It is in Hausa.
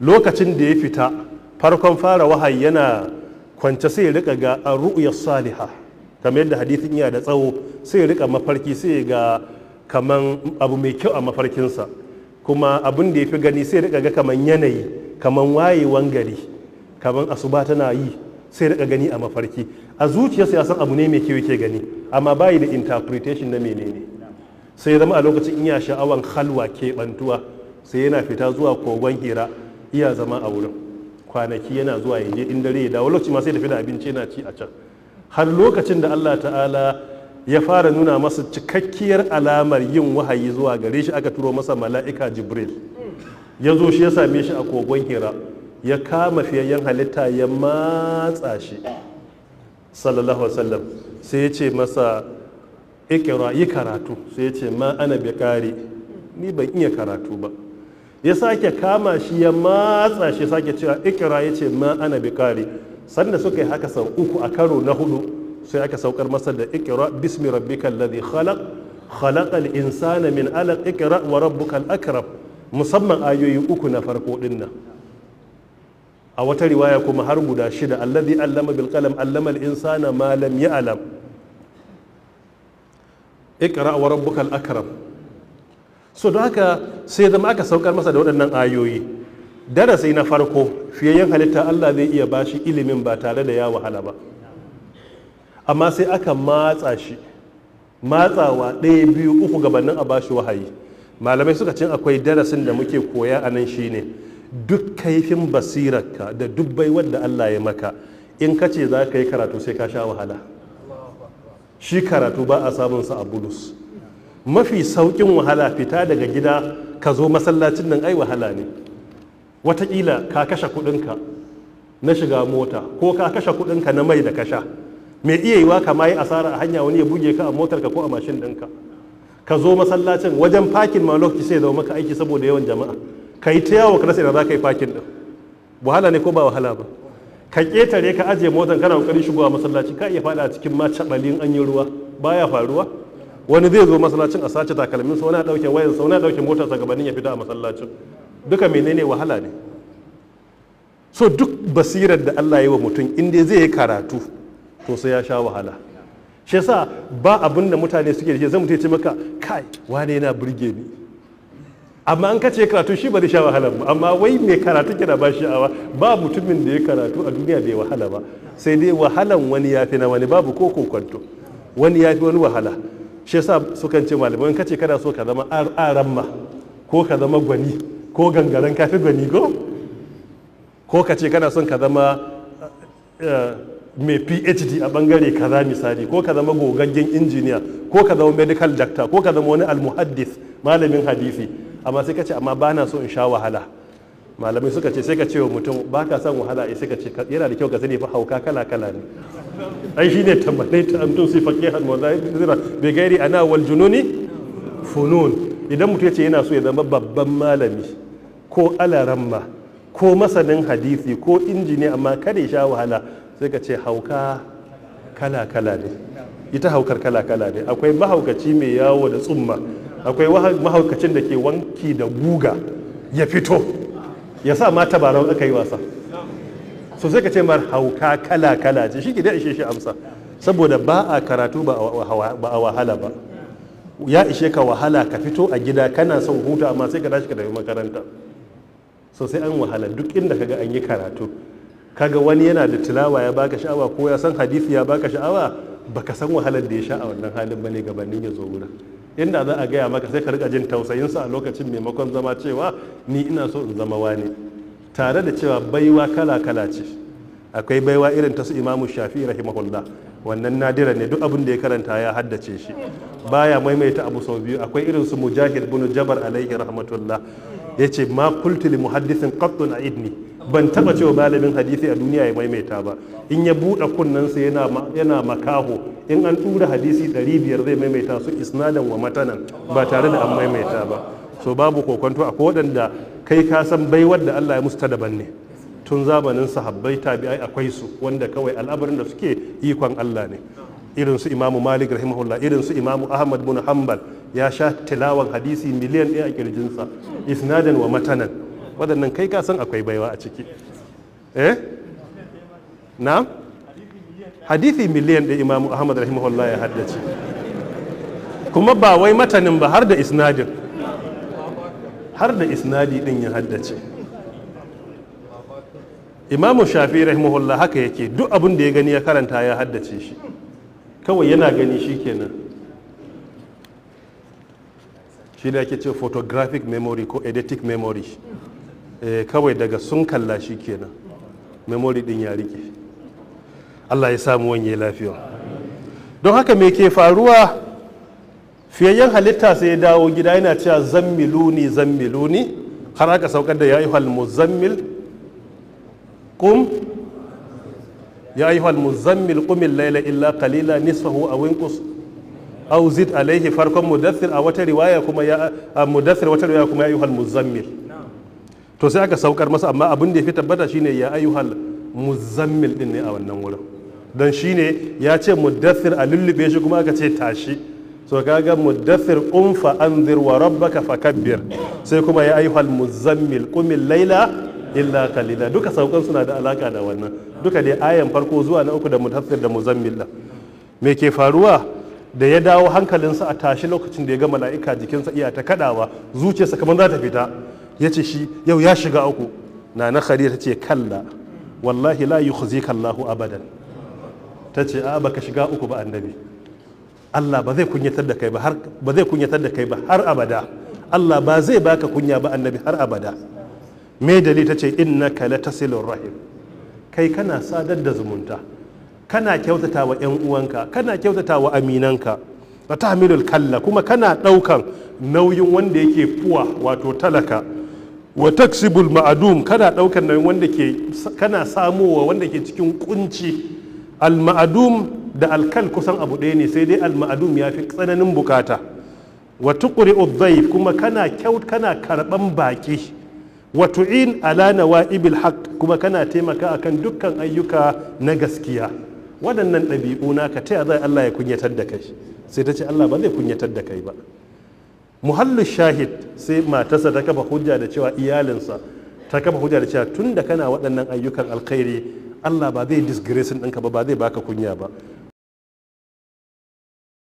lokacin da ya fita farkon fara wahayi yana kwance sai ya rika ga ru'ya saliha kamar yadda hadithin iya da tsawo sai rika mafarki sai ga kaman abu mai kyau a mafarkinsa kuma abin da ya fi gani sai rika ga kaman yanayi kaman wayewan gari kaman asuba tana yi sai rika gani a mafarki a zuciyarsa ya san abu ne mai kyau yake gani amma bayi da interpretation na menene sai zama a lokacin iya sha'awan halwa keɓantuwa sai yana fita zuwa kogon hira iya zama a wurin kwanaki yana zuwa yanzu in dare ya dawo lokaci ma sai tafi da abinci yana ci a can har lokacin da Allah ta'ala ya fara nuna masa cikakkiyar alamar yin wahayi zuwa gare shi aka turo masa mala'ika jibril ya zo shi ya same shi a kogon hira ya kama fiyayyen halitta ya matsa shi sallallahu alaihi wasallam sai ya ce masa ikira yi karatu sai ya ce ma ana bi ni ban iya karatu ba ya sake kama shi ya matsa shi sake cewa ikira ya ce ma ana bikari sanda suka yi haka sau uku a karo na hudu sai aka saukar masa da ikira bismi rabbikal ladhi khalaq khalaqal insana min alaq ikira wa rabbukal akram musamman ayoyi uku na farko din nan a wata riwaya kuma har guda shida alladhi allama bil qalam allama al insana ma lam ya'lam ikra wa rabbukal akram so don haka sai zama aka saukar masa da waɗannan ayoyi darasi na farko fiye fiyayyen halitta Allah zai iya ba shi ilimin ba tare da ya wahala ba amma sai aka matsa shi matsawa ɗaya biyu uku gabanin a bashi wahayi malamai suka cin akwai darasin da muke koya a nan shine duk kaifin basirarka da dubbai wadda Allah ya maka in ka ce za ka yi karatu sai ka sha wahala shi karatu ba a samunsa a bulus mafi saukin wahala fita daga gida ka zo masallacin nan ai wahala ne wataƙila ka kashe kuɗinka na shiga mota ko ka kashe kuɗinka na mai da kasha mai iya yiwa ka yi asara a hanya wani ya buge ka a motarka ko a mashin ɗinka ka zo masallacin wajen fakin ma sai zama maka aiki saboda yawan jama'a ka yi ta yawo ka rasa za ka yi fakin ɗin wahala ne ko ba wahala ba ka ƙetare ka ajiye motar kana ƙoƙarin shigowa masallaci ka iya faɗa cikin ma caɓalin an yi ruwa baya faruwa wani zai zo masallacin a sace takalmin sau na dauke wayan sau na dauke motar sa gabanin ya fita a masallacin duka menene wahala ne so duk basirar da Allah yi wa mutum inda zai yi karatu to sai ya sha wahala shi yasa ba abin da mutane suke da shi zan mutum ce maka kai wane yana burge ni amma an kace karatu shi ba zai sha wahala ba amma wai mai karatu kina ba shi awa ba mutumin da ya karatu a duniya bai wahala ba sai dai wahalan wani yafi na wani babu ko kokonto wani yafi wani wahala shi yasa sukan ce malamai kace kana so ka zama aramma ko ka zama gwani ko gangaren kafi gwani ko ko ka ce kana son ka zama eh, mai phd a bangare kaza misali ko ka zama gogaggen injiniya ko ka zama medical doctor ko ka zama wani almuhaddis malamin hadisi amma sai ka ce amma ba na so in sha wahala malamai suka ce sai ka ce wa mutum ba ka son wahala eh, sai ka ce yana da kyau ka sani fa hauka kala kala ne ai shine tabbalaita antum si faqihan zai zahira bi gairi ana wal jununi funun idan mutum ce yana so ya zama babban malami ko alaramma ko masanin hadisi ko injiniya amma kada ya sha wahala sai ka ce hauka kala kala ne ita haukar kala kala ne akwai mahaukaci mai yawo da tsumma akwai mahaukacin da ke wanki da guga ya fito ya sa ma tabarau aka yi wasa so sai ka ce mar hauka kala kala ce shi ke da ishe shi amsa saboda ba a karatu ba a wahala ba ya ishe ka wahala ka fito a gida kana son hutu amma sai ka tashi ka tafi makaranta so sai an wahala duk inda kaga an yi karatu Ka ga wani yana da tilawa ya baka sha'awa ko ya san hadisi ya baka sha'awa baka san wahalar da ya sha a wannan halin bane gabanin ya zo wurin inda za a gaya maka sai ka rika jin tausayinsa a lokacin maimakon zama cewa ni ina so in zama wani tare da cewa baiwa kala-kala ce akwai baiwa irin ta su imamu shafi rahimahullah wannan nadira ne duk abin da ya karanta ya haddace shi baya maimaita abu sau biyu akwai irin su mujahid bin jabar alaihi rahmatullah ya ce ma kultu li muhaddisin qattun a idni ban taba cewa malamin hadisi a duniya ya maimaita ba in ya buɗe kunnansa yana yana makaho in an tura hadisi 500 zai maimaita su isnadan wa matanan ba tare da an maimaita ba so babu kokonto kodan waɗanda kai ka san baiwar da Allah ya musu ta daban ne tun zamanin sahabbai tabi'ai akwai su wanda kawai al'amarin da suke ikon Allah ne irin su imamu malik rahimahullah irin su imamu ahmad bin hanbal ya sha tilawan hadisi miliyan ɗaya a kirjinsa isnadin wa matanan waɗannan kai ka san akwai baiwa a ciki eh na hadisi miliyan ɗaya imamu ahmad rahimahullah ya haddace kuma ba wai matanin ba har da isnadin har da isnadi din ya haddace imamu shafi rahimahullah haka yake duk abin da ya gani ya karanta ya haddace shi kawai yana gani shi kenan shi da ake ce photographic memory ko edetic memory eh, kawai daga sun kalla shi kenan memory din ya rike allah ya samu wanye lafiya don haka me ke faruwa fiyayyen halitta sai ya dawo gida yana cewa zammiluni zammiluni har aka saukar da ya ayyuhal muzammil kum ya ayyuhal muzammil kumin layla illa qalila nisfahu a inqus aw zid alayhi farkon mudaththir a wata riwaya kuma ya mudaththir wata riwaya kuma ya yi ayyuhal muzammil to sai aka saukar masa amma abin da ya fi tabbata shine ya yi ayyuhal muzammil din ne a wannan wurin don shine ya ce mudaththir a lullube shi kuma aka ce tashi so kaga muddathir qum fa anzir wa rabbaka fakabbir sai kuma ya ayyuhal muzammil qumil laila illa qalila duka saukan suna da alaka da wannan duka dai ayan farko zuwa na uku da muddathir da muzammil da me ke faruwa da ya dawo hankalinsa a tashi lokacin da ya ga mala'ika jikinsa iya ta kadawa zuciyarsa kamar za ta fita ya ce shi yau ya shiga uku na na khadija ta ce kalla wallahi la yukhzika Allahu abadan ta ce a baka shiga uku ba annabi Allah ba zai kunyatar da kai ba har ba zai kunyatar da kai ba har abada Allah ba zai baka kunya ba annabi har abada me dalili na innaka latasilur rahim kai kana sadar da zumunta kana kyautata wa yan uwanka kana kyautata wa aminanka wa tahmilul kalla kuma kana daukan nauyin wanda yake fuwa wato talaka wa taksibul ma'adum kana daukan nauyin wanda ke kana samowa wanda ke cikin kunci al da alkal kusan abu ɗaya ne sai dai al ya fi tsananin bukata wa tuqri udhayf kuma kana kyau kana karban baki Watu'in alana wa ibil haqq kuma kana taimaka akan dukkan ayyuka na gaskiya waɗannan ɗabi'u naka ta zai Allah ya kunyatar da kai sai ta ce Allah ba zai kunyatar da kai ba muhallu shahid sai matarsa ta kafa hujja da cewa iyalinsa ta kafa hujja da cewa tun da kana waɗannan ayyukan alkhairi Allah ba zai disgracing ɗinka ba ba zai baka kunya ba